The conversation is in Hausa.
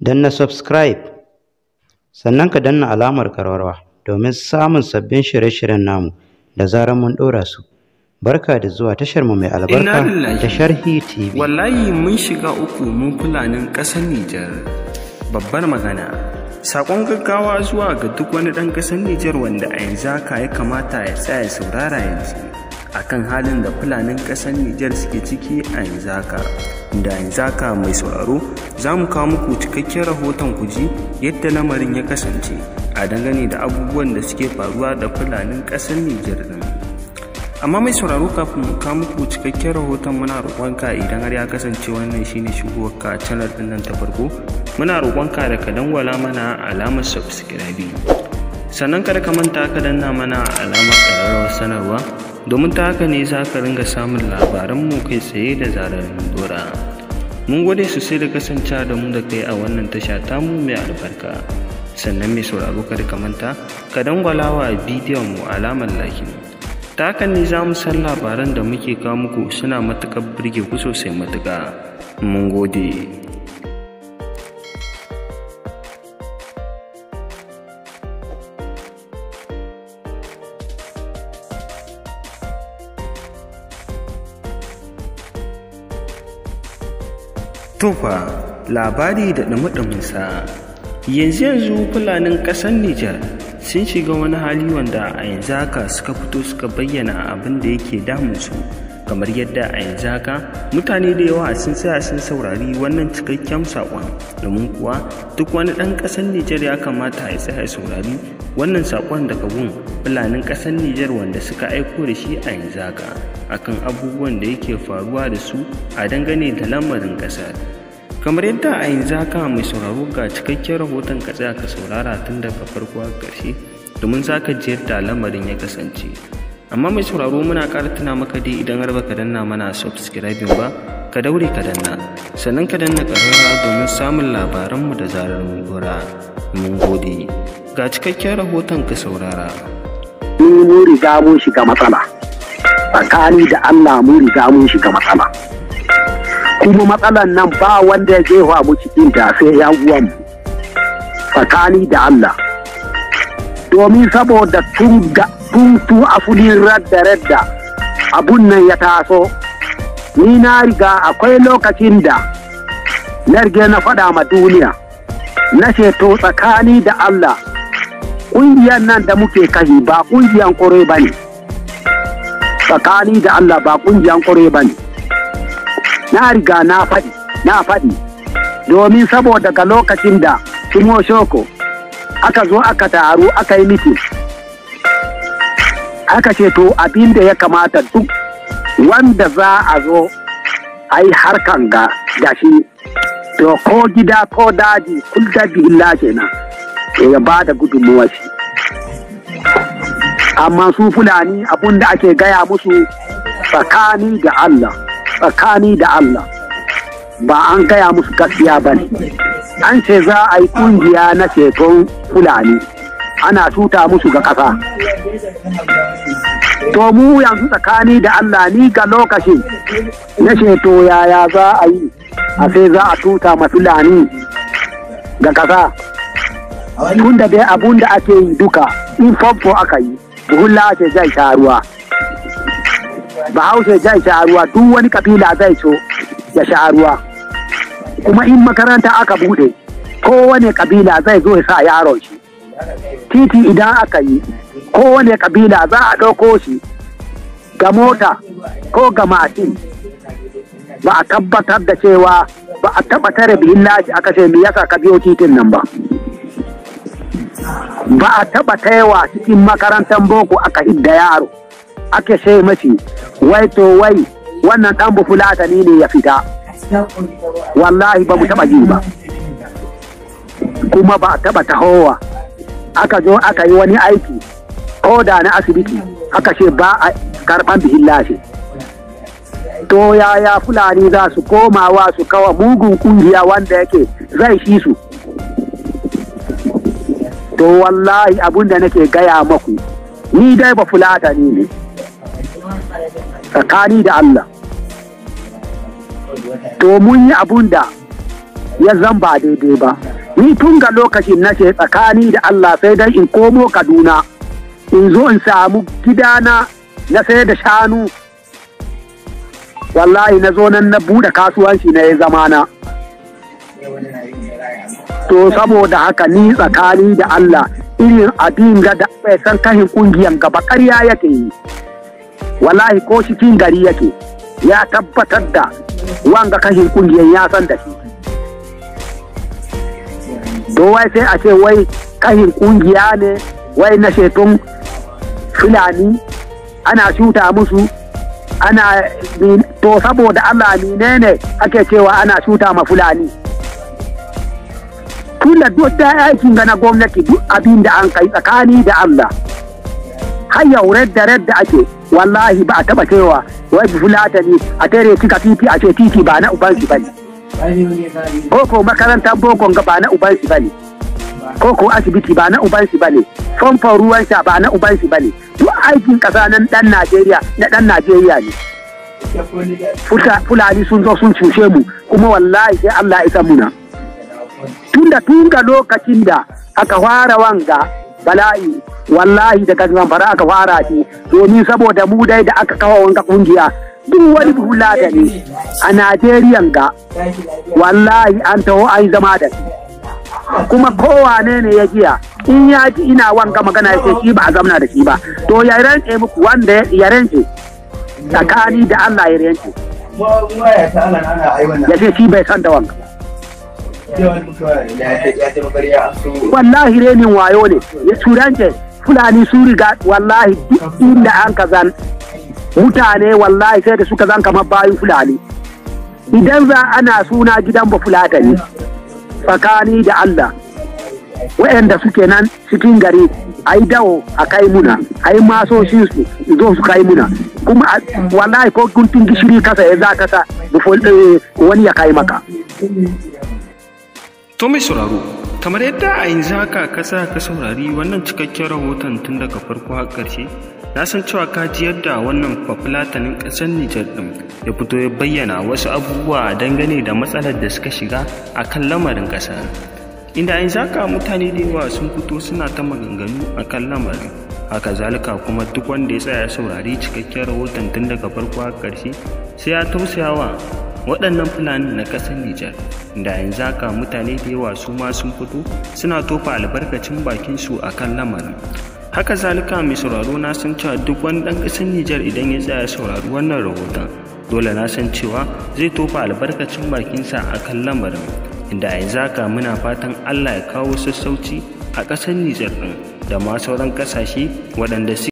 danna subscribe sannan ka danna alamar karwarwa domin samun sabbin shirye-shiryen namu da zarar mun ɗora su barka da zuwa tashar mu mai albarka ta sharhi tv wallahi mun shiga uku mun fulanin ƙasar Nijar babbar magana sakon gaggawa zuwa ga duk wani ɗan ƙasar Nijar wanda a yanzu haka ya kamata ya tsaya saurara yanzu akan halin da fulanin ƙasar Nijar suke ciki a yanzaka, Da yanzaka mai sauraro za mu kawo muku cikakken rahoton kuji yadda lamarin ya kasance a dangane da abubuwan da suke faruwa da fulanin ƙasar Nijar din. Amma mai sauraro kafin mu kawo muku cikakken rahoton muna roƙonka idan har ya kasance wannan shine shigowar ka canar ɗin nan ta farko muna roƙonka da ka dangwala mana alamar subscribing sannan kada ka manta ka danna mana alamar ƙararrawar sanarwa domin ta haka ne za ka ringa samun labaran mu kai tsaye da zarar dora mun gode sai da kasancewa da mu da kai a wannan tasha ta mu mai albarka sannan mai sauraro kada ka manta ka gwalawa a bidiyon mu alamar laki ta haka ne za mu san labaran da muke kawo muku suna matuƙar birge ku sosai matuƙa mun gode Tufa labari da ɗumi sa yanzu yanzu fulanin ƙasar Nijar sun shiga wani hali wanda a yanzu haka suka fito suka bayyana abin da yake damunsu. su. kamar yadda a yanzu haka mutane da yawa sun tsaya sun saurari wannan cikakken saƙon domin kuwa duk wani ɗan ƙasar nijar ya kamata ya tsaya saurari wannan saƙon daga gun fulanin ƙasar nijar wanda suka aiko da shi a yanzu haka akan abubuwan da yake faruwa da su a dangane da lamarin ƙasar kamar yadda a yanzu haka mai sauraro ga cikakken rahoton ka tsaya ka saurara tun daga farko a ƙarshe domin za ka ji yadda lamarin ya kasance amma mai sauraro muna ƙara tuna maka dai idan har baka danna mana subscribing ba ka daure ka danna sannan ka danna ƙarara domin samun labaranmu da zarar mun mun gode ga cikakken rahoton ka saurara mun riga mun shiga matsala tsakani da Allah mun riga mun shiga matsala kuma matsalan nan ba wanda ya wa mu cikin da sai yan uwanmu tsakani da Allah domin saboda tun da tumtuu a fulirra radda radda abun nan ya taso ni na riga akwai lokacin da na rige na faɗa ma duniya na ceto tsakani da Allah ƙungiyar nan da muke kashi ba ƙungiyar kore ba ne tsakani da Allah ba ƙungiyar kore ba ne na riga na faɗi na faɗi domin saboda ga lokacin da Timo Shoko aka zo aka taru aka yi mitin aka ce to abin da ya kamata duk wanda za a zo a yi harkan ga da shi to ko gida ko daji kul daji bihilla kenan ya ba da gudunmuwa shi amma su fulani abun da ake gaya musu tsakani da Allah tsakani da Allah ba an gaya musu gaskiya ba ne an ce za a yi kungiya na ceton fulani ana tuta musu ga ƙasa. To mu yanzu tsakani da Allah ni ga lokaci na to yaya za a yi a sai za a tuta masu lani ga ƙasa. Tunda dai abun da ake yi duka in famfo aka yi buhulla ce jai sharuwa. Bahaushe zai sharuwa duk wani kabila zai so ya sharuwa. Kuma in makaranta aka bude kowane kabila zai zo ya sa yaron shi. titi idan aka yi kowane kabila za a ɗauko shi ga mota ko ga mashin ba a tabbatar da cewa ba a taɓa tare bihin lashi aka ce me yasa ka biyo titin nan ba ba a taɓa taiwa cikin makarantar boko aka hidda yaro ake ce mashi wai to wai wannan ɗan bufulatani ne ya fita wallahi ba mu taɓa ji ba kuma ba a taɓa tahowa aka zo aka yi wani aiki ko da na asibiti aka ce ba a karɓan bihin lashe to yaya fulani za su komawa su kawa mugun kungiya wanda yake zai shi su to wallahi abun da nake gaya maku ni dai ba fulata ni ne tsakani da Allah to mun yi abun da ya zan ba daidai ba ni tun ga lokacin nace tsakani da Allah sai dai in komo Kaduna in zo in samu gidana na sai da shanu wallahi na zo nan na buɗe kasuwanci na ya zama na to saboda haka ni tsakani da Allah irin abin ga da bai san kahin kungiyan gaba ƙarya yake yi wallahi ko cikin gari yake ya tabbatar da wanga kashin kungiyan ya san da shi don wai sai a ce wai kahin kungiya ne wai na shekun fulani ana shuta musu ana to saboda Allah ne ne ake cewa ana shuta ma fulani kula duk da aikin ga na gwamnati duk abin da an kai tsakani da Allah har yau redda redda ake wallahi ba a taba cewa wai fulatani a tare kika titi a ce titi ba na ubansu ne. Koko makaranta boko ga ba na ubansu bane. Koko asibiti ba na ubansu bane. Fonfon Famfon ruwan sha ba na ubansu bane. Duk aikin ƙasa na ɗan Najeriya na dan Najeriya ne. Fulani sun zo sun cushe mu kuma wallahi sai Allah isa muna. Tunda tunga lokacin da aka fara wanga bala'i wallahi daga zamfara aka fara shi domin saboda mu dai da aka kawo wanga kungiya duk wani buhula da ne a Najeriya ga wallahi an taho an zama da kuma kowane ne ya jiya in ya ji ina wanka magana ya ce shi ba a zamana da shi ba to ya rance muku wanda ya rance tsakani da Allah ya rance ya ce shi bai san da wanka wallahi renin wayo ne ya turance fulani su riga wallahi duk inda an ka zan mutane wallahi sai da suka zan kamar bayan fulani idan za ana suna gidan ba ne tsakani da Allah waɗanda suke nan cikin gari a yi dawo a kai muna a yi masoshin su zo su kai muna kuma wallahi ko guntun gishiri kasa ya za kasa eh, wani ya kai maka. To sauraro kamar yadda a yanzu haka ka sa ka saurari wannan cikakken rahoton tun daga farko har ƙarshe na san cewa ka ji yadda wannan fafilatanin ƙasar nijar ɗin ya fito ya bayyana wasu abubuwa dangane da matsalar da suka shiga a kan lamarin ƙasa. inda a yanzu haka mutane da yawa sun fito suna ta maganganu a kan lamarin haka zalika kuma duk wanda ya tsaya saurari cikakken rahoton tun daga farko har ƙarshe sai ya tausayawa waɗannan fulani na ƙasar nijar da yanzu haka mutane da yawa su ma sun fito suna tofa albarkacin bakin su kan lamarin haka zalika mai sauraro na san cewa duk wani ɗan ƙasar nijar idan ya tsaya sauraro wannan rahoton dole na san cewa zai tofa albarkacin bakinsa kan lamarin inda yanzu haka muna fatan allah ya kawo sassauci a ƙasar nijar ɗin da ma sauran ƙasashe waɗanda